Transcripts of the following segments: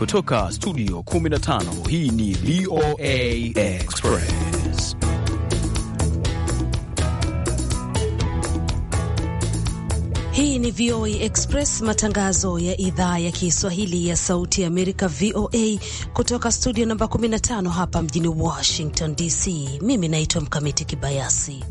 kutoka studio 15 hii ni VOA Express. Hii ni VOA Express, matangazo ya idhaa ya Kiswahili ya Sauti ya Amerika, VOA kutoka studio namba 15 hapa mjini Washington DC. Mimi naitwa Mkamiti Kibayasi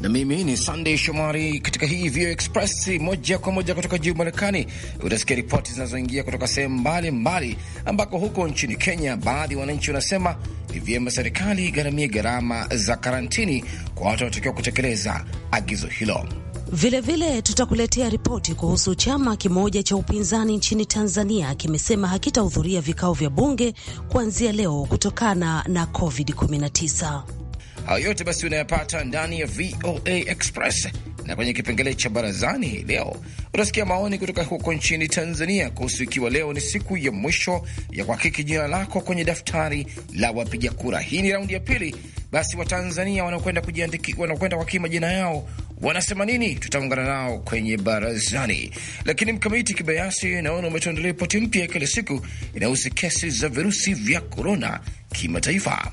na mimi ni sandey Shomari katika hii VOA Express moja kwa moja kutoka juu Marekani. Utasikia ripoti zinazoingia kutoka sehemu mbalimbali, ambako huko nchini Kenya baadhi ya wananchi wanasema ni vyema serikali igharamie gharama za karantini kwa watu wanaotakiwa kutekeleza agizo hilo. Vilevile tutakuletea ripoti kuhusu chama kimoja cha upinzani nchini Tanzania kimesema hakitahudhuria vikao vya bunge kuanzia leo kutokana na COVID-19. Hayo yote basi unayapata ndani ya VOA Express na kwenye kipengele cha barazani hii leo utasikia maoni kutoka huko nchini Tanzania kuhusu ikiwa leo ni siku ya mwisho ya kuhakiki jina lako kwenye daftari la wapiga kura. Hii ni raundi ya pili. Basi Watanzania wanaokwenda kujiandiki, wanaokwenda kwa kima jina yao wanasema nini? Tutaungana nao kwenye barazani. Lakini Mkamiti Kibayasi, naona umetuandalia ripoti mpya ya kila siku inahusu kesi za virusi vya korona kimataifa.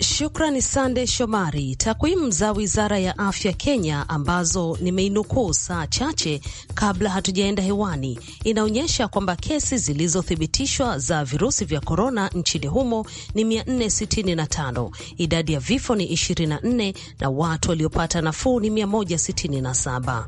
Shukrani Sande Shomari. Takwimu za wizara ya afya Kenya ambazo nimeinukuu saa chache kabla hatujaenda hewani inaonyesha kwamba kesi zilizothibitishwa za virusi vya korona nchini humo ni 465, idadi ya vifo ni 24 na watu waliopata nafuu ni 167.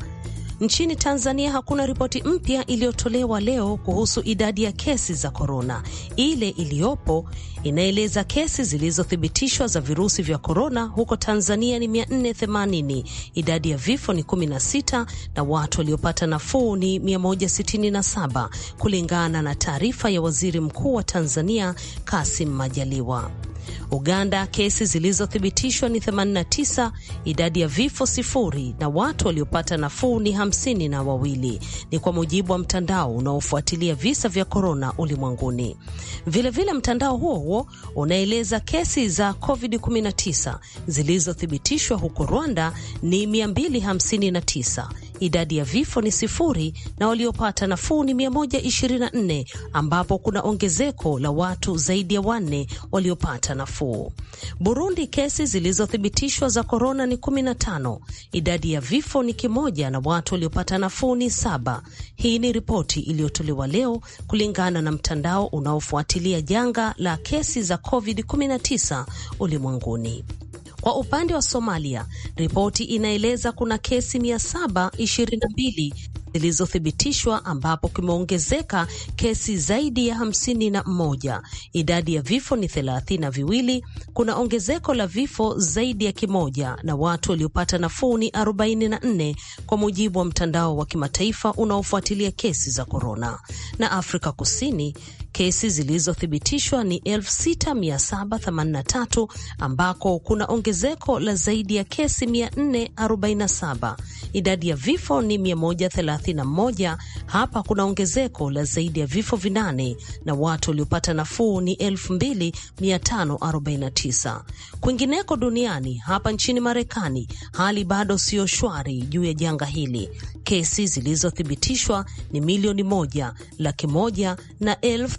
Nchini Tanzania hakuna ripoti mpya iliyotolewa leo kuhusu idadi ya kesi za korona. Ile iliyopo inaeleza kesi zilizothibitishwa za virusi vya korona huko Tanzania ni 480, idadi ya vifo ni 16 na watu waliopata nafuu ni 167, kulingana na taarifa ya Waziri Mkuu wa Tanzania Kasim Majaliwa. Uganda kesi zilizothibitishwa ni 89, idadi ya vifo sifuri, na watu waliopata nafuu ni hamsini na wawili, ni kwa mujibu wa mtandao unaofuatilia visa vya korona ulimwenguni. Vilevile mtandao huo huo unaeleza kesi za COVID-19 zilizothibitishwa huko Rwanda ni 259 idadi ya vifo ni sifuri na waliopata nafuu ni 124 ambapo kuna ongezeko la watu zaidi ya wanne waliopata nafuu. Burundi, kesi zilizothibitishwa za korona ni 15, idadi ya vifo ni kimoja na watu waliopata nafuu ni saba. Hii ni ripoti iliyotolewa leo kulingana na mtandao unaofuatilia janga la kesi za COVID-19 ulimwenguni. Kwa upande wa Somalia, ripoti inaeleza kuna kesi 722 zilizothibitishwa ambapo kumeongezeka kesi zaidi ya hamsini na Idadi ya vifo ni thelathini na viwili. Kuna ongezeko la vifo zaidi ya kimoja na watu waliopata nafuu ni 44, na nne kwa mujibu wa mtandao wa kimataifa unaofuatilia kesi za korona. Na Afrika Kusini, Kesi zilizothibitishwa ni 6783 ambako kuna ongezeko la zaidi ya kesi 447. Idadi ya vifo ni 131, hapa kuna ongezeko la zaidi ya vifo vinane, na watu waliopata nafuu ni 2549. Kwingineko duniani, hapa nchini Marekani hali bado siyo shwari juu ya janga hili. Kesi zilizothibitishwa ni milioni moja laki moja na elfu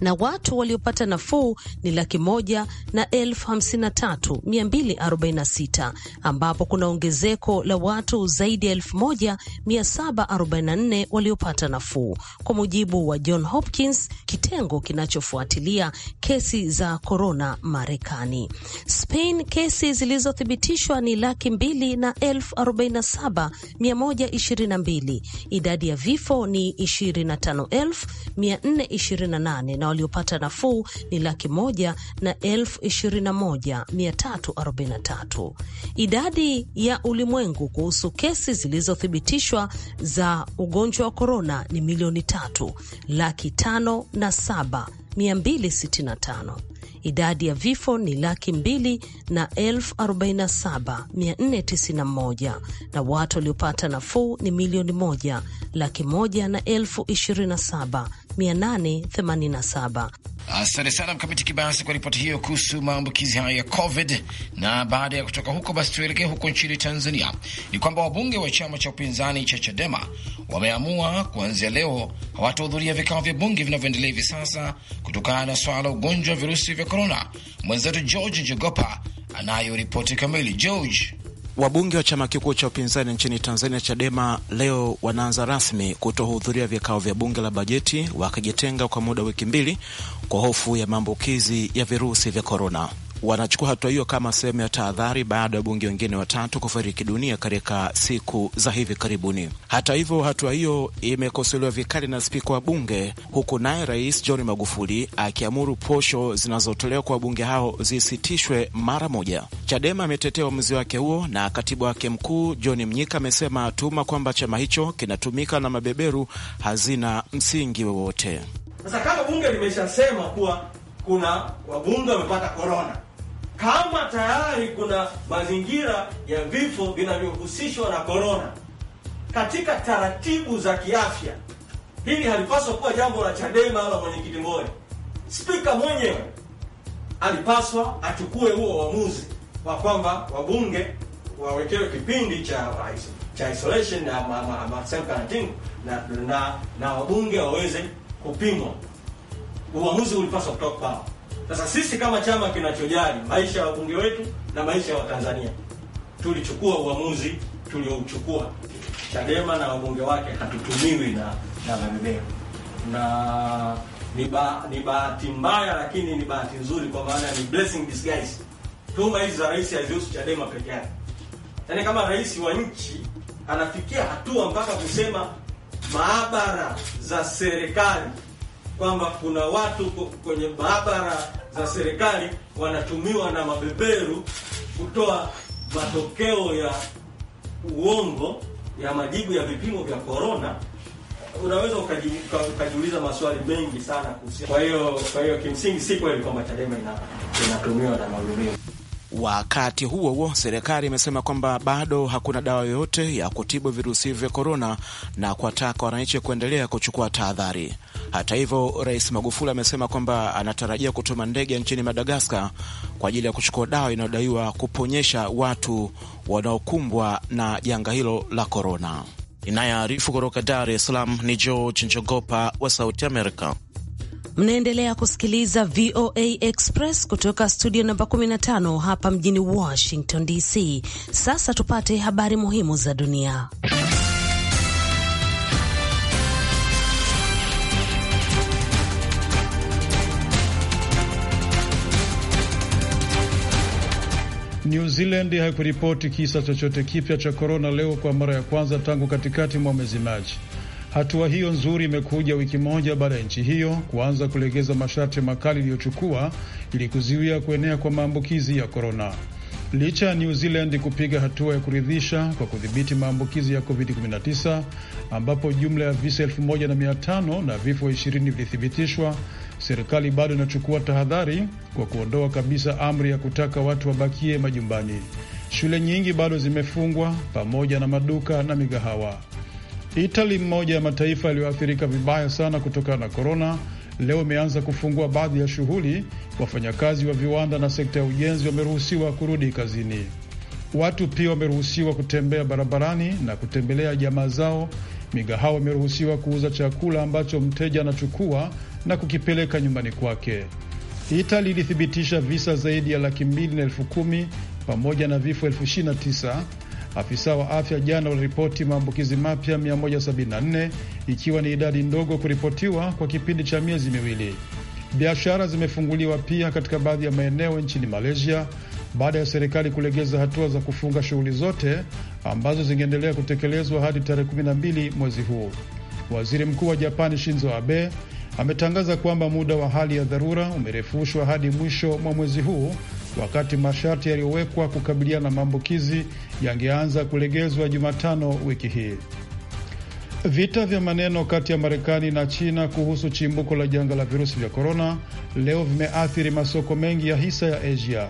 na watu waliopata nafuu ni laki moja na elfu hamsini na tatu mia mbili arobaini na sita ambapo kuna ongezeko la watu zaidi ya elfu moja mia saba arobaini na nne waliopata nafuu, kwa mujibu wa John Hopkins, kitengo kinachofuatilia kesi za korona Marekani. Spain, kesi zilizothibitishwa ni laki mbili na elfu arobaini na saba mia moja ishirini na mbili. Idadi ya vifo ni ishirini na tano elfu mia nne ishirini na nane na waliopata nafuu ni laki moja na elfu ishirini na moja mia tatu arobaini na tatu. Idadi ya ulimwengu kuhusu kesi zilizothibitishwa za ugonjwa wa korona ni milioni tatu laki tano na saba mia mbili sitini na tano. Idadi ya vifo ni laki mbili na elfu arobaini na saba mia nne tisini na moja na watu waliopata nafuu ni milioni moja laki moja na elfu ishirini na saba 887. Asante sana Mkamiti Kibayasi kwa ripoti hiyo kuhusu maambukizi hayo ya COVID. Na baada ya kutoka huko, basi tuelekee huko nchini Tanzania. Ni kwamba wabunge wa chama cha upinzani cha CHADEMA wameamua kuanzia leo hawatahudhuria vikao vya bunge vinavyoendelea hivi sasa kutokana na swala la ugonjwa wa virusi vya korona. Mwenzetu George Njogopa anayo ripoti kamili. George. Wabunge wa chama kikuu cha upinzani nchini Tanzania, Chadema, leo wanaanza rasmi kutohudhuria vikao vya bunge la bajeti, wakijitenga kwa muda wiki mbili kwa hofu ya maambukizi ya virusi vya korona wanachukua hatua hiyo kama sehemu ya tahadhari baada ya wabunge wengine watatu kufariki dunia katika siku za hivi karibuni. Hata hivyo, hatua hiyo imekosolewa vikali na spika wa bunge, huku naye Rais John Magufuli akiamuru posho zinazotolewa kwa wabunge hao zisitishwe mara moja. Chadema ametetea uamuzi wake huo, na katibu wake mkuu John Mnyika amesema tuma kwamba chama hicho kinatumika na mabeberu hazina msingi wowote. Sasa kama bunge limeshasema kuwa kuna wabunge wamepata korona kama tayari kuna mazingira ya vifo vinavyohusishwa na korona katika taratibu za kiafya. Hili halipaswa kuwa jambo la Chadema au la mwenyekiti Mbowe. Spika mwenyewe alipaswa achukue huo uamuzi wa kwamba wabunge wawekewe kipindi cha cha isolation na ma, ma, ma, self quarantine na, na, na wabunge waweze kupimwa. Uamuzi ulipaswa kutoka kwao. Sasa sisi kama chama kinachojali maisha ya wabunge wetu na maisha ya Watanzania tulichukua uamuzi tuliouchukua. Chadema na wabunge wake hatutumiwi na na mabeberu, na ni ba, ni bahati mbaya, lakini ni bahati nzuri, kwa maana ni blessing disguise. Tuma hizi za rais hazihusu Chadema peke yake, yaani kama rais wa nchi anafikia hatua mpaka kusema maabara za serikali kwamba kuna watu kwenye maabara za serikali wanatumiwa na mabeberu kutoa matokeo ya uongo ya majibu ya vipimo vya korona, unaweza ukajiuliza maswali mengi sana kuhusu. Kwa hiyo kwa hiyo kimsingi si kweli kwamba Chadema inatumiwa na mabeberu. Wakati huo huo, serikali imesema kwamba bado hakuna dawa yoyote ya kutibu virusi vya korona na kuwataka wananchi kuendelea kuchukua tahadhari. Hata hivyo, Rais Magufuli amesema kwamba anatarajia kutuma ndege nchini Madagaskar kwa ajili ya kuchukua dawa inayodaiwa kuponyesha watu wanaokumbwa na janga hilo la korona. Inayoarifu kutoka Dar es Salaam ni George Njogopa wa Sauti Amerika. Mnaendelea kusikiliza VOA Express kutoka studio namba 15 hapa mjini Washington DC. Sasa tupate habari muhimu za dunia. New Zealand haikuripoti kisa chochote kipya cha korona leo kwa mara ya kwanza tangu katikati mwa mwezi Machi. Hatua hiyo nzuri imekuja wiki moja baada ya nchi hiyo kuanza kulegeza masharti makali iliyochukua ili kuzuia kuenea kwa maambukizi ya korona. Licha ya New Zealand kupiga hatua ya kuridhisha kwa kudhibiti maambukizi ya COVID-19 ambapo jumla ya visa elfu na na vifo ishirini vilithibitishwa, serikali bado inachukua tahadhari kwa kuondoa kabisa amri ya kutaka watu wabakie majumbani. Shule nyingi bado zimefungwa pamoja na maduka na migahawa. Itali, mmoja ya mataifa yaliyoathirika vibaya sana kutokana na korona, leo imeanza kufungua baadhi ya shughuli. Wafanyakazi wa viwanda na sekta ya ujenzi wameruhusiwa kurudi kazini. Watu pia wameruhusiwa kutembea barabarani na kutembelea jamaa zao. Migahawa imeruhusiwa kuuza chakula ambacho mteja anachukua na kukipeleka nyumbani kwake. Itali ilithibitisha visa zaidi ya laki mbili na elfu kumi pamoja na vifo elfu ishirini na tisa Afisa wa afya jana waliripoti maambukizi mapya 174 ikiwa ni idadi ndogo kuripotiwa kwa kipindi cha miezi miwili. Biashara zimefunguliwa pia katika baadhi ya maeneo nchini Malaysia baada ya serikali kulegeza hatua za kufunga shughuli zote ambazo zingeendelea kutekelezwa hadi tarehe 12 mwezi huu. Waziri Mkuu wa Japani Shinzo Abe ametangaza kwamba muda wa hali ya dharura umerefushwa hadi mwisho mwa mwezi huu wakati masharti yaliyowekwa kukabiliana na maambukizi yangeanza kulegezwa Jumatano wiki hii. Vita vya maneno kati ya Marekani na China kuhusu chimbuko la janga la virusi vya korona leo vimeathiri masoko mengi ya hisa ya Asia.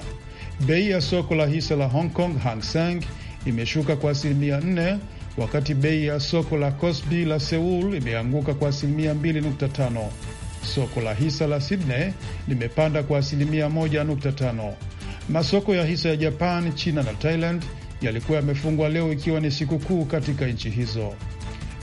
Bei ya soko la hisa la Hong Kong Hang Seng imeshuka kwa asilimia 4 wakati bei ya soko la Kospi la Seul imeanguka kwa asilimia 2.5. Soko la hisa la Sydney limepanda kwa asilimia 1.5. Masoko ya hisa ya Japan, China na Thailand yalikuwa yamefungwa leo ikiwa ni sikukuu katika nchi hizo.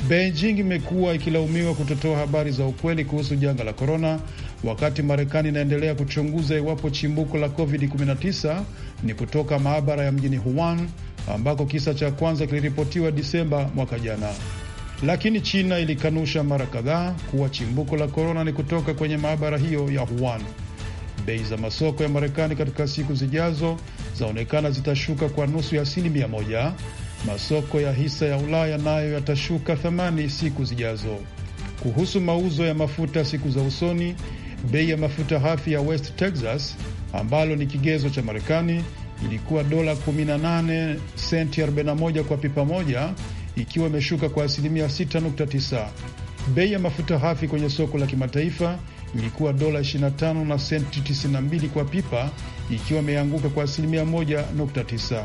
Beijing imekuwa ikilaumiwa kutotoa habari za ukweli kuhusu janga la korona, wakati Marekani inaendelea kuchunguza iwapo chimbuko la COVID-19 ni kutoka maabara ya mjini Wuhan ambako kisa cha kwanza kiliripotiwa Disemba mwaka jana lakini China ilikanusha mara kadhaa kuwa chimbuko la korona ni kutoka kwenye maabara hiyo ya Wuhan. Bei za masoko ya Marekani katika siku zijazo zaonekana zitashuka kwa nusu ya asilimia moja. Masoko ya hisa ya Ulaya nayo yatashuka thamani siku zijazo. Kuhusu mauzo ya mafuta siku za usoni, bei ya mafuta hafi ya West Texas ambalo ni kigezo cha Marekani ilikuwa dola 18 senti 41 kwa pipa moja ikiwa imeshuka kwa asilimia 6.9. Bei ya mafuta hafi kwenye soko la kimataifa ilikuwa dola 25 na senti 92 kwa pipa ikiwa imeanguka kwa asilimia 1.9.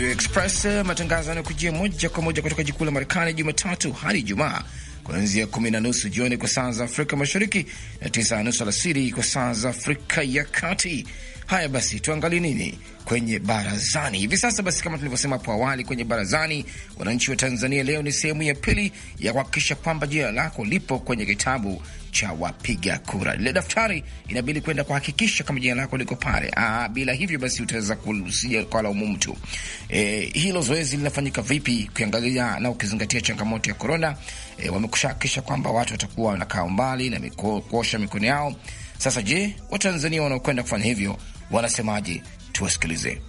VOA Express, matangazo yanakujia moja kwa moja kutoka jikuu la Marekani, Jumatatu hadi Ijumaa, kuanzia kumi na nusu jioni kwa saa za Afrika Mashariki na tisa na nusu alasiri kwa saa za Afrika ya Kati. Haya basi, tuangalie nini kwenye barazani hivi sasa. Basi, kama tulivyosema hapo awali, kwenye barazani wananchi wa Tanzania leo ni sehemu ya pili ya kuhakikisha kwamba jina lako lipo kwenye kitabu cha wapiga kura. Lile daftari inabidi kwenda kuhakikisha kama jina lako liko pale, Ah, bila hivyo basi utaweza kusija kwa laumu mtu. E, hilo zoezi linafanyika vipi? Ukiangalia na ukizingatia changamoto ya korona, e, eh, wamekushakisha kwamba watu watakuwa wanakaa mbali na miko, kuosha mikono yao. Sasa je, watanzania wanaokwenda kufanya hivyo wanasemaje? Tuwasikilize.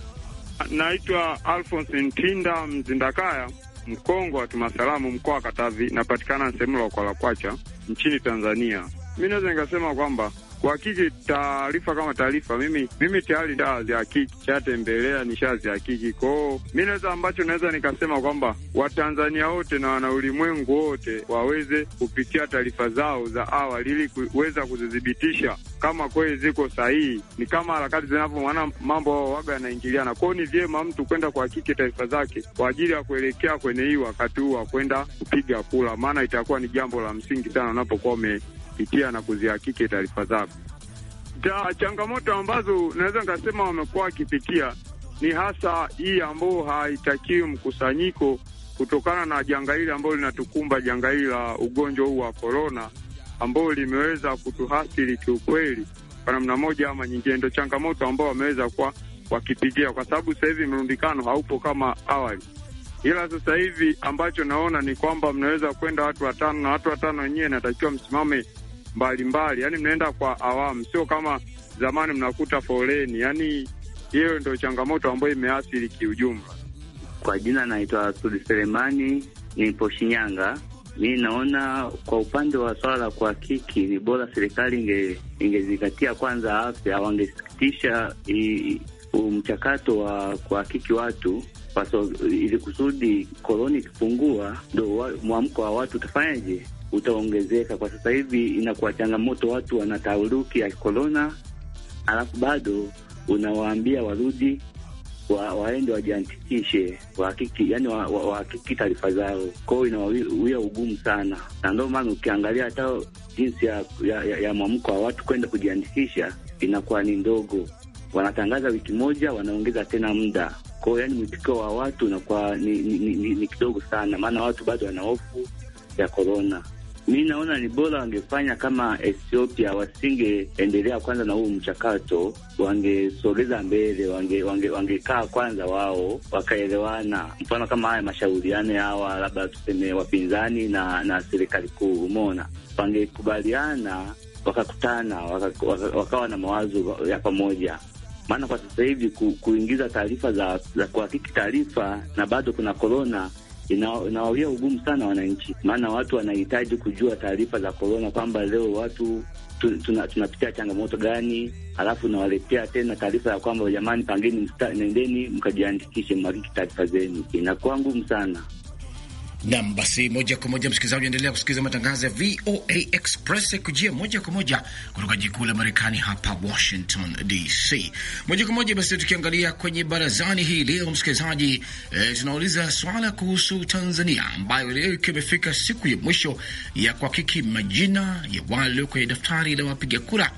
Naitwa Alphonse Ntinda Mzindakaya. Mkongo wa Kimasalamu, mkoa wa Katavi, napatikana sehemu la kwacha nchini Tanzania. Mi naweza nikasema kwamba kuhakiki taarifa kama taarifa. Mimi mimi tayari ndazihakiki, shatembelea, nishazihakiki. Kwao mi naweza ambacho naweza nikasema kwamba Watanzania wote na wana ulimwengu wote waweze kupitia taarifa zao za awali ili kuweza kuzithibitisha kama kweli ziko sahihi. Ni kama harakati zinavyomaana, mambo ao waga yanaingiliana. Kwao ni vyema mtu kwenda kuhakiki taarifa zake kwa ajili ya kuelekea kwenye hii wakati huu wa kwenda kupiga kula, maana itakuwa ni jambo la msingi sana unapokuwa kupitia na kuzihakiki taarifa zako. Ta, changamoto ambazo naweza nikasema wamekuwa wakipitia ni hasa hii ambayo haitakiwi mkusanyiko kutokana na janga hili ambayo linatukumba, janga hili la ugonjwa huu wa korona ambao limeweza kutuhasiri kiukweli kwa namna moja ama nyingine. Ndo changamoto ambao wameweza kuwa wakipitia, kwa sababu sasa hivi mrundikano haupo kama awali, ila sasa hivi ambacho naona ni kwamba mnaweza kwenda watu watano na watu watano wenyewe natakiwa msimame mbalimbali, yani mnaenda kwa awamu, sio kama zamani mnakuta foleni. Yani hiyo ndio changamoto ambayo imeathiri kiujumla. Kwa jina naitwa Sudi Selemani, nipo Shinyanga. Mi naona kwa upande wa swala la kuhakiki ni bora serikali inge, ingezingatia kwanza afya, wangesitisha mchakato wa kuhakiki watu paso, ili kusudi koroni ikipungua ndo mwamko wa watu utafanyaje? utaongezeka. Kwa sasa hivi inakuwa changamoto, watu wana tauruki ya korona, alafu bado unawaambia warudi wa, waende wajiandikishe wahakiki, yani wahakiki wa, taarifa zao. kwao inawawia ugumu sana, na ndio maana ukiangalia hata jinsi ya, ya, ya, ya mwamko wa watu kwenda kujiandikisha inakuwa ni ndogo. Wanatangaza wiki moja, wanaongeza tena muda kwao, yani mwitikio wa watu unakuwa ni, ni, ni, ni kidogo sana, maana watu bado wana hofu ya korona. Mi naona ni bora wangefanya kama Ethiopia, wasingeendelea kwanza na huu mchakato, wangesogeza mbele, wangekaa wange, wange kwanza wao wakaelewana. Mfano kama haya mashauriano hawa, labda tuseme wapinzani na na serikali kuu, umeona, wangekubaliana wakakutana, waka, waka, wakawa na mawazo ya pamoja maana kwa sasa hivi ku, kuingiza taarifa za, za kuhakiki taarifa na bado kuna korona inawawia ugumu sana wananchi, maana watu wanahitaji kujua taarifa za korona, kwamba leo watu tunapitia tuna, tuna changamoto gani, alafu nawaletea tena taarifa ya kwamba jamani, pangeni, nendeni mkajiandikishe, mwariki taarifa zenu. Inakuwa ngumu sana. Nam, basi moja kwa moja msikilizaji, endelea kusikiliza matangazo ya VOA Express kujia moja kwa moja kutoka jikuu la Marekani hapa Washington DC. Moja kwa moja basi tukiangalia kwenye barazani hii leo msikilizaji, e, tunauliza swala kuhusu Tanzania ambayo leo ikiwa imefika siku ya mwisho ya kuhakiki majina ya wale kwenye daftari la wapiga kura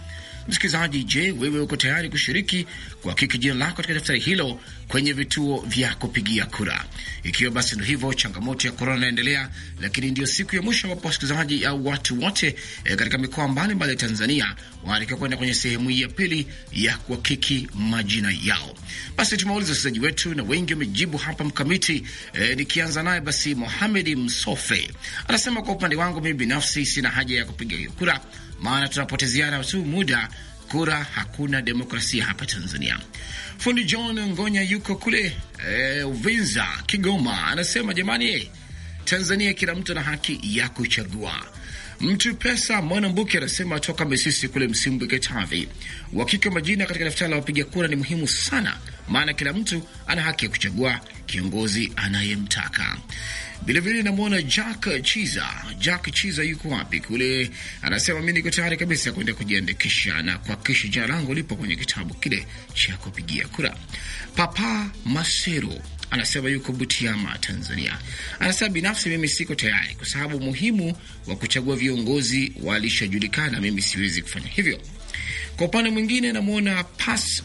Msikilizaji, je, wewe uko tayari kushiriki kuhakiki jina lako katika daftari hilo kwenye vituo vya kupigia kura? Ikiwa basi ndo hivyo, changamoto ya korona inaendelea, lakini ndiyo siku ya mwisho ambapo wasikilizaji au watu wote e, katika mikoa mbalimbali ya Tanzania wanatakiwa kwenda kwenye sehemu hii ya pili ya kuhakiki majina yao. Basi tumeuliza wasikilizaji wetu na wengi wamejibu hapa. Mkamiti e, nikianza naye basi, Mohamedi Msofe anasema kwa upande wangu mimi binafsi sina haja ya kupiga hiyo kura maana tunapoteziana tu muda. Kura hakuna demokrasia hapa Tanzania. Fundi John Ngonya yuko kule e, Uvinza, Kigoma, anasema jamani, Tanzania kila mtu ana haki ya kuchagua mtu. Pesa Mwanambuke anasema toka Mesisi kule Msimbu, Katavi, uhakika majina katika daftari la wapiga kura ni muhimu sana, maana kila mtu ana haki ya kuchagua kiongozi anayemtaka. Vilevile namwona Jack Chiza. Jack Chiza yuko wapi kule? Anasema mi niko tayari kabisa kuenda kujiandikisha na kuhakikisha jina langu lipo kwenye kitabu kile cha kupigia kura. Papa Masero anasema yuko Butiama, Tanzania. Anasema binafsi, mimi siko tayari kwa sababu muhimu wa kuchagua viongozi walishajulikana, mimi siwezi kufanya hivyo. Kwa upande mwingine, namwona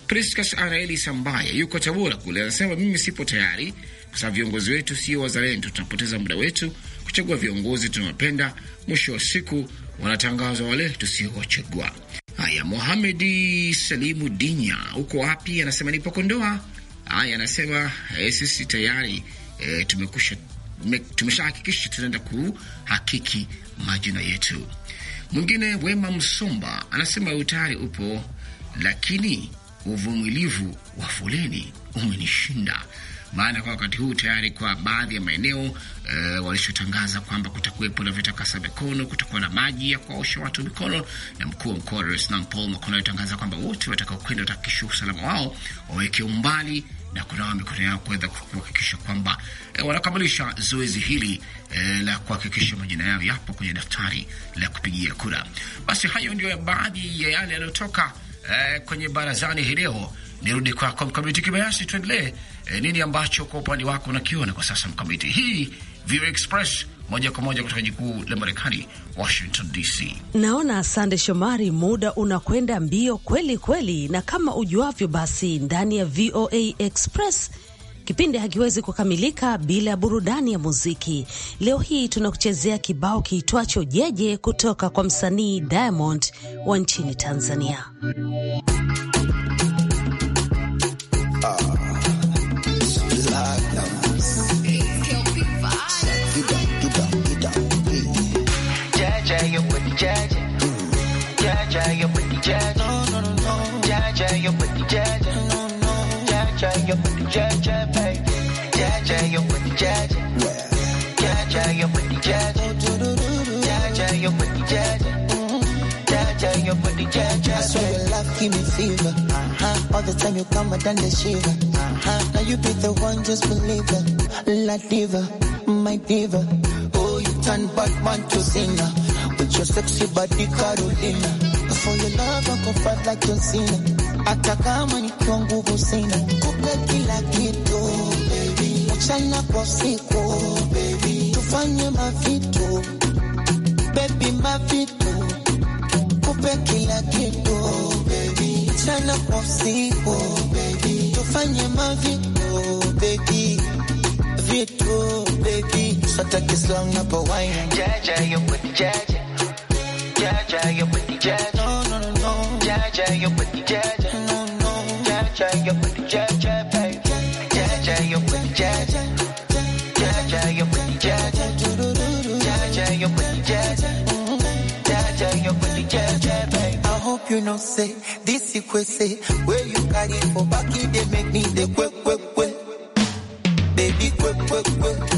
Priscas Areli Sambaya yuko Tabora kule, anasema mimi sipo tayari kwa sababu viongozi wetu sio wazalendo. Tunapoteza muda wetu kuchagua viongozi tunawapenda, mwisho wa siku wanatangazwa wale tusiowachagua. Haya, Mohamedi Salimu Dinya, huko wapi? Anasema nipo Kondoa. Haya, anasema e, sisi tayari e, tumekusha tumeshahakikisha tunaenda kuhakiki majina yetu. Mwingine Wema msumba anasema utayari upo, lakini uvumilivu wa foleni umenishinda maana kwa wakati huu tayari kwa baadhi ya maeneo uh, eh, walishotangaza kwamba kutakuwepo na vitakasa mikono, kutakuwa na maji ya kuwaosha watu mikono, na mkuu wa mkoa wa Dar es Salaam Paul Makonda alitangaza kwamba wote watakaokwenda watahakikisha usalama wao, waweke umbali na kunawa mikono yao kuweza kuhakikisha kwamba e, wanakamilisha zoezi hili e, la kuhakikisha majina yao yapo kwenye daftari la kupigia kura. Basi hayo ndio baadhi ya yale yanayotoka e, kwenye barazani hii leo. Nirudi kwako Mkamiti Kibayasi, tuendelee E, nini ambacho kwa upande wako unakiona kwa sasa mkamiti? Hii VOA Express moja kwa moja kutoka jikuu la Marekani, Washington DC. Naona Sande Shomari, muda unakwenda mbio kweli kweli, na kama ujuavyo, basi ndani ya VOA Express kipindi hakiwezi kukamilika bila ya burudani ya muziki. Leo hii tunakuchezea kibao kiitwacho Jeje kutoka kwa msanii Diamond wa nchini Tanzania. jaja. Jaja, your booty jaja. No, no, no. Jaja, your booty jaja. No, no. Jaja, your booty jaja, baby. Jaja, your booty jaja. Jaja, your booty jaja. Jaja, your booty jaja. Jaja, your booty jaja. I swear your love give me fever. Uh-huh. All the time you come, I done the shiver. Uh-huh. Now you be the one, just believe it. La diva, my diva. Oh, you turn bad man to singer Your sexy body Carolina, for your love I go fight like John Cena, hata kama nikiwa nguvu sina, kupe kila kitu baby, mchana kwa siku baby, tufanye mavitu baby, mavitu, kupe kila kitu baby, mchana kwa siku baby, tufanye mavitu baby vitu baby, sataki slow na pa wine jaja yuko jaja jaja, your booty jaja. No, no, no, no. Jaja, your booty jaja. No, no. Jaja, your booty jaja, baby. Jaja, your booty jaja. Jaja, your booty jaja. Jaja, your booty jaja. Jaja, your booty jaja, baby. I hope you know, say, this you could say, where you carry for back, they make me the quick, quick, quick. Baby, quick, quick, quick.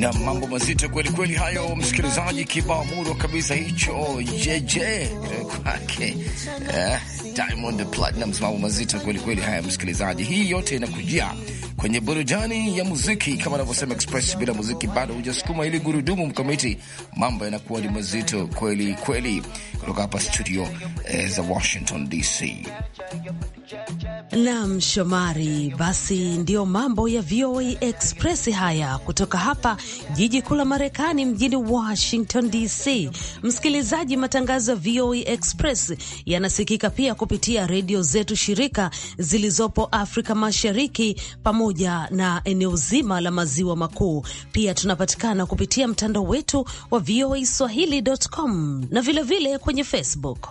na mambo mazito kweli kweli hayo, msikilizaji. Kibao murwa kabisa hicho, jeje eh, kwake eh, Diamond Platinum, mambo mazito kweli kweli haya, msikilizaji. Hii yote inakujia kwenye burudani ya muziki kama anavyosema Express, bila muziki bado hujasukuma ili gurudumu mkamiti, mambo yanakuwa ni mazito kweli kweli, kutoka hapa studio eh, za Washington DC. Naam, Shomari, basi ndio mambo ya VOA Express haya kutoka hapa jiji kuu la Marekani, mjini Washington DC. Msikilizaji, matangazo ya VOA e Express yanasikika pia kupitia redio zetu shirika zilizopo Afrika Mashariki pamoja na eneo zima la maziwa makuu. Pia tunapatikana kupitia mtandao wetu wa e swahilicom na vilevile vile kwenye Facebook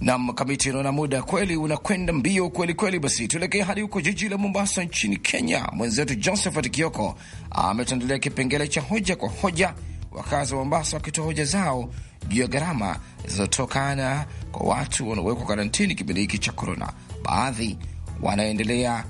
na mkamiti unaona muda kweli unakwenda mbio kweli kweli. Basi tuelekee hadi huko jiji la Mombasa nchini Kenya. Mwenzetu Josephat Kioko ametuandalia kipengele cha hoja kwa hoja, wakazi wa Mombasa wakitoa hoja zao juu ya gharama zinazotokana kwa watu wanaowekwa karantini kipindi hiki cha korona. Baadhi wanaendelea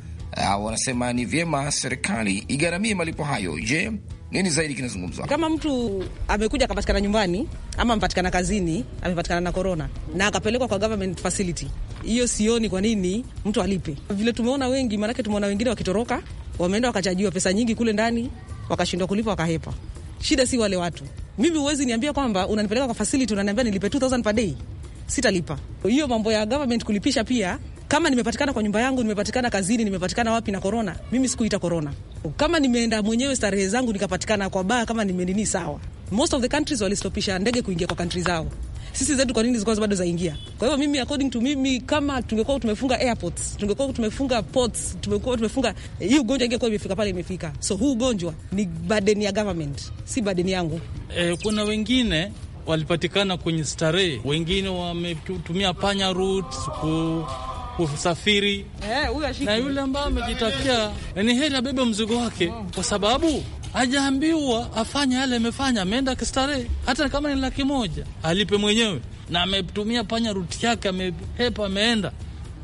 uh, wanasema ni vyema serikali igharamie malipo hayo. Je, nini zaidi kinazungumzwa? Kama mtu amekuja akapatikana nyumbani ama amepatikana kazini, amepatikana na korona na akapelekwa kwa government facility, hiyo sioni kwa nini mtu alipe vile tumeona wengi. Maanake tumeona wengine wakitoroka, wameenda wakachajiwa pesa nyingi kule ndani, wakashindwa kulipa, wakahepa. Shida si wale watu. Mimi huwezi niambia kwamba unanipeleka kwa facility, unaniambia nilipe 2000 per day, sitalipa. Hiyo mambo ya government kulipisha pia kama nimepatikana kwa nyumba yangu, nimepatikana kazini, nimepatikana wapi na korona, mimi sikuita korona. Kama nimeenda mwenyewe starehe zangu, nikapatikana kwa baa, kama nimenini, sawa. Most of the countries walistopisha ndege kuingia kwa kantri zao. Sisi zetu kwa nini zilikuwa bado zaingia? Kwa hivyo mimi, according to mimi, kama tungekuwa tumefunga airports, tungekuwa tumefunga ports, tumekuwa tumefunga hii ugonjwa ingekuwa imefika pale imefika. So huu ugonjwa ni burden ya government, si burden yangu. Eh, kuna wengine walipatikana kwenye starehe, wengine wametumia panya route ku kusafiri yeah, na yule ambaye amejitakia ni heri abebe mzigo wake, kwa sababu hajaambiwa afanye yale amefanya. Ameenda kistarehe, hata kama ni laki moja alipe mwenyewe, na ametumia panya ruti yake, amehepa, ameenda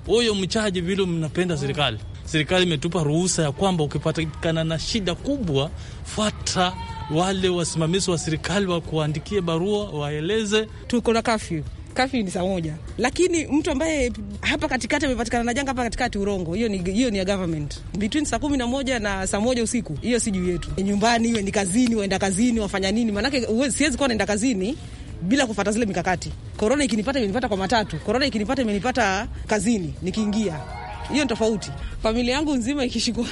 huyo mchaji. Vile mnapenda serikali, serikali imetupa ruhusa ya kwamba ukipatikana na shida kubwa, fuata wale wasimamizi wa serikali, wakuandikie barua, waeleze tuko na kafyu kafi ni saa moja, lakini mtu ambaye hapa katikati amepatikana na janga hapa katikati, urongo hiyo ni, hiyo ni ya government between saa kumi na moja na saa moja usiku, hiyo si juu yetu. Nyumbani iwe ni kazini, waenda kazini wafanya nini? Maanake siwezi kuwa naenda kazini bila kufata zile mikakati. Korona ikinipata imenipata kwa matatu, korona ikinipata imenipata kazini nikiingia hiyo ni tofauti. Familia yangu nzima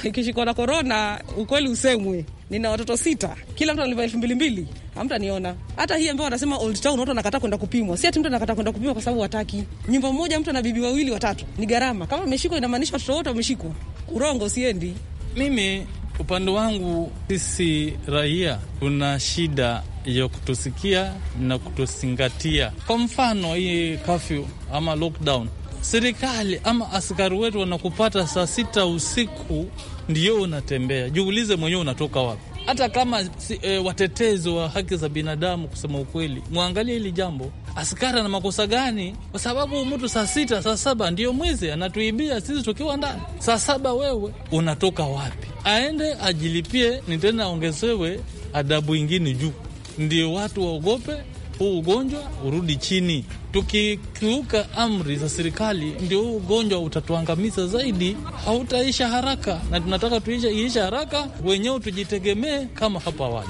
ikishikwa na korona, ukweli usemwe, nina watoto sita, kila mtu analipa elfu mbili mbili hamtaniona. Hata hii ambayo wanasema old town, watu wanakataa kwenda kupimwa, si ati mtu anakataa kwenda kupimwa kwa sababu hataki. Nyumba moja mtu ana bibi wawili watatu, ni gharama. Kama ameshikwa, inamaanisha watoto wote wameshikwa. Urongo siendi mimi. Upande wangu sisi raia kuna shida ya kutusikia na kutusingatia. Kwa mfano hii kafyu ama lockdown, serikali ama askari wetu wanakupata saa sita usiku, ndio unatembea. Jiulize mwenyewe unatoka wapi? hata kama si, e, watetezi wa haki za binadamu, kusema ukweli, mwangalie hili jambo, askari ana makosa gani? Kwa sababu mtu saa sita saa saba ndiyo mwizi anatuibia sisi tukiwa ndani. Saa saba wewe unatoka wapi? Aende ajilipie, ni tena aongezewe adabu ingine juu, ndio watu waogope huu ugonjwa urudi chini. Tukikiuka amri za serikali, ndio huu ugonjwa utatuangamiza zaidi, hautaisha haraka, na tunataka tuisha iisha haraka, wenyewe tujitegemee kama hapo awali.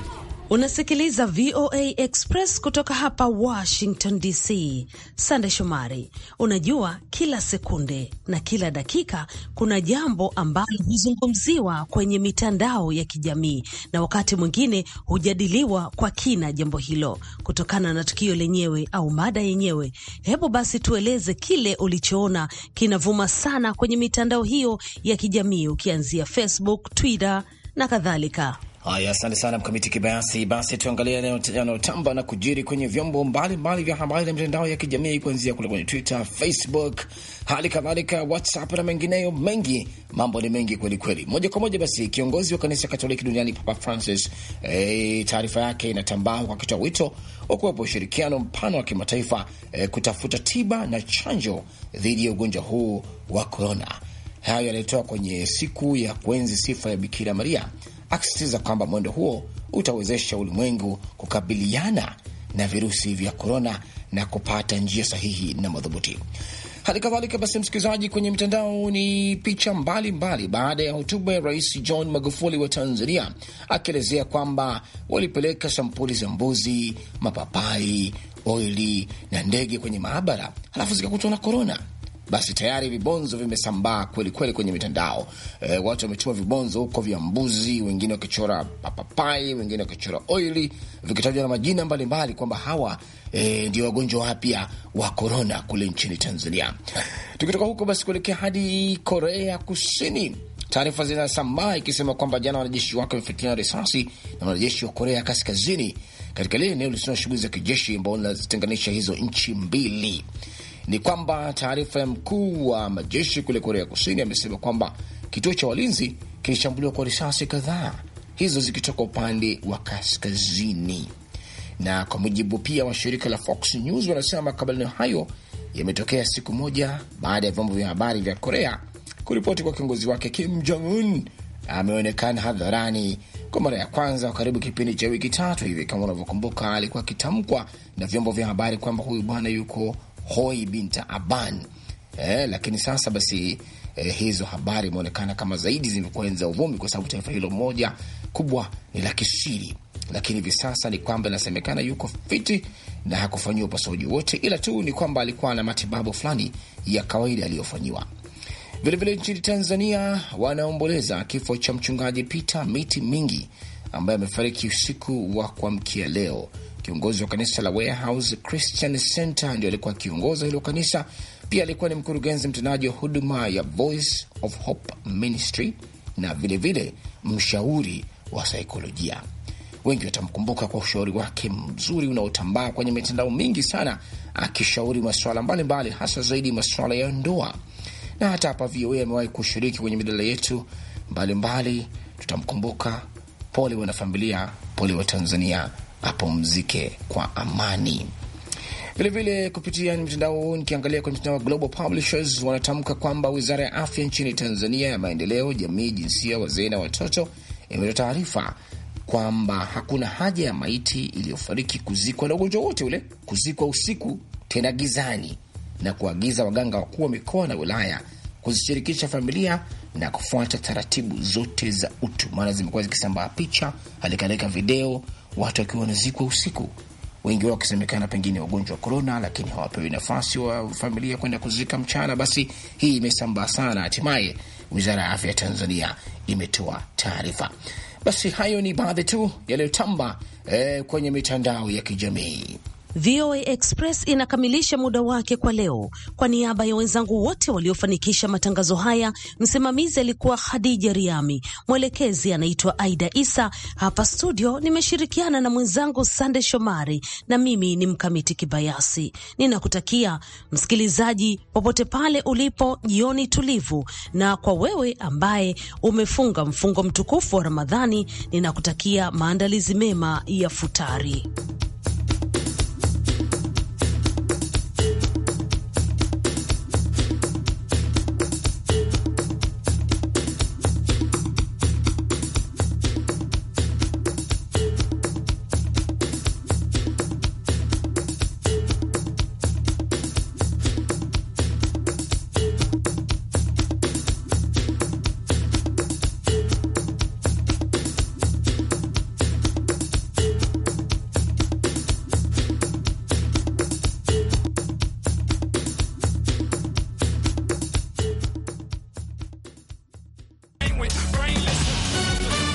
Unasikiliza VOA Express kutoka hapa Washington DC. Sande Shomari, unajua kila sekunde na kila dakika kuna jambo ambalo huzungumziwa kwenye mitandao ya kijamii, na wakati mwingine hujadiliwa kwa kina jambo hilo kutokana na tukio lenyewe au mada yenyewe. Hebu basi tueleze kile ulichoona kinavuma sana kwenye mitandao hiyo ya kijamii, ukianzia Facebook, Twitter na kadhalika. Haya, asante sana Mkamiti Kibayasi. Basi tuangalie yanayotamba na kujiri kwenye vyombo mbalimbali vya habari na mitandao ya kijamii, kuanzia kule kwenye Twitter, Facebook, hali kadhalika WhatsApp na mengineyo mengi. Mambo ni mengi kwelikweli. Moja kwa moja basi, kiongozi wa kanisa Katoliki duniani Papa Francis e, taarifa yake inatambaa kwa kitoa wito wa kuwepo ushirikiano mpana wa kimataifa e, kutafuta tiba na chanjo dhidi ya ugonjwa huu wa korona. Hayo yalitoa kwenye siku ya kuenzi sifa ya Bikira Maria akisisitiza kwamba mwendo huo utawezesha ulimwengu kukabiliana na virusi vya korona na kupata njia sahihi na madhubuti. Hali kadhalika basi, msikilizaji, kwenye mitandao ni picha mbalimbali baada ya hotuba ya Rais John Magufuli wa Tanzania akielezea kwamba walipeleka sampuli za mbuzi, mapapai, oili na ndege kwenye maabara halafu zikakutwa na korona basi tayari vibonzo vimesambaa kweli kweli kwenye mitandao e, watu wametuma vibonzo huko vya mbuzi, wengine wakichora papapai, wengine wakichora oili, vikitajwa na majina mbalimbali kwamba hawa e, ndio wagonjwa wapya wa korona kule nchini Tanzania. Tukitoka huko basi kuelekea hadi Korea Kusini, taarifa zinasambaa ikisema kwamba jana wanajeshi wake wamefyatuliana risasi na wanajeshi wa Korea Kaskazini katika lile eneo lisilo na shughuli za kijeshi ambao linazitenganisha hizo nchi mbili ni kwamba taarifa ya mkuu wa majeshi kule Korea Kusini amesema kwamba kituo cha walinzi kilishambuliwa kwa risasi kadhaa, hizo zikitoka upande wa kaskazini. Na kwa mujibu pia wa shirika la Fox News, wanasema makabiliano hayo yametokea siku moja baada ya vyombo vya habari vya Korea kuripoti kwa kiongozi wake Kim Jong Un ameonekana hadharani kwa mara ya kwanza karibu kipindi cha wiki tatu hivi. Kama unavyokumbuka, alikuwa akitamkwa na vyombo vya habari kwamba huyu bwana yuko Hoi Binta Aban. Eh, lakini sasa basi eh, hizo habari imeonekana kama zaidi zimekuenza uvumi kwa sababu taifa hilo moja kubwa ni la kisiri lakini hivi sasa ni kwamba inasemekana yuko fiti na hakufanyiwa upasuaji wote, ila tu ni kwamba alikuwa na matibabu fulani ya kawaida aliyofanyiwa. Vilevile nchini Tanzania wanaomboleza kifo cha mchungaji Peter Miti Mingi ambaye amefariki usiku wa kuamkia leo. Kiongozi wa kanisa la Warehouse Christian Center ndio alikuwa akiongoza hilo kanisa. Pia alikuwa ni mkurugenzi mtendaji wa huduma ya Voice of Hope Ministry na vilevile vile mshauri wa saikolojia. Wengi watamkumbuka kwa ushauri wake mzuri unaotambaa kwenye mitandao mingi sana, akishauri masuala mbalimbali, hasa zaidi masuala ya ndoa. Na hata hapa VOA amewahi kushiriki kwenye midala yetu mbalimbali tutamkumbuka pole wanafamilia, pole wa Tanzania, apumzike kwa amani. Vilevile kupitia mtandao huu, nikiangalia kwenye mtandao wa Global Publishers wanatamka kwamba wizara ya afya nchini Tanzania ya maendeleo, jamii, jinsia, wazee na watoto imetoa taarifa kwamba hakuna haja ya maiti iliyofariki kuzikwa na ugonjwa wote ule, kuzikwa usiku tena gizani, na kuagiza waganga wakuu wa mikoa na wilaya kuzishirikisha familia na kufuata taratibu zote za utu, maana zimekuwa zikisambaa picha, halikadhalika video, watu wakiwa wanazikwa usiku, wengi wao wakisemekana pengine wagonjwa wa korona, lakini hawapewi nafasi wa familia kwenda kuzika mchana. Basi hii imesambaa sana, hatimaye Wizara ya Afya ya Tanzania imetoa taarifa. Basi hayo ni baadhi tu yaliyotamba eh, kwenye mitandao ya kijamii. VOA Express inakamilisha muda wake kwa leo. Kwa niaba ya wenzangu wote waliofanikisha matangazo haya, msimamizi alikuwa Khadija Riami, mwelekezi anaitwa Aida Isa. Hapa studio nimeshirikiana na mwenzangu Sande Shomari na mimi ni Mkamiti Kibayasi. Ninakutakia msikilizaji, popote pale ulipo, jioni tulivu, na kwa wewe ambaye umefunga mfungo mtukufu wa Ramadhani, ninakutakia maandalizi mema ya futari.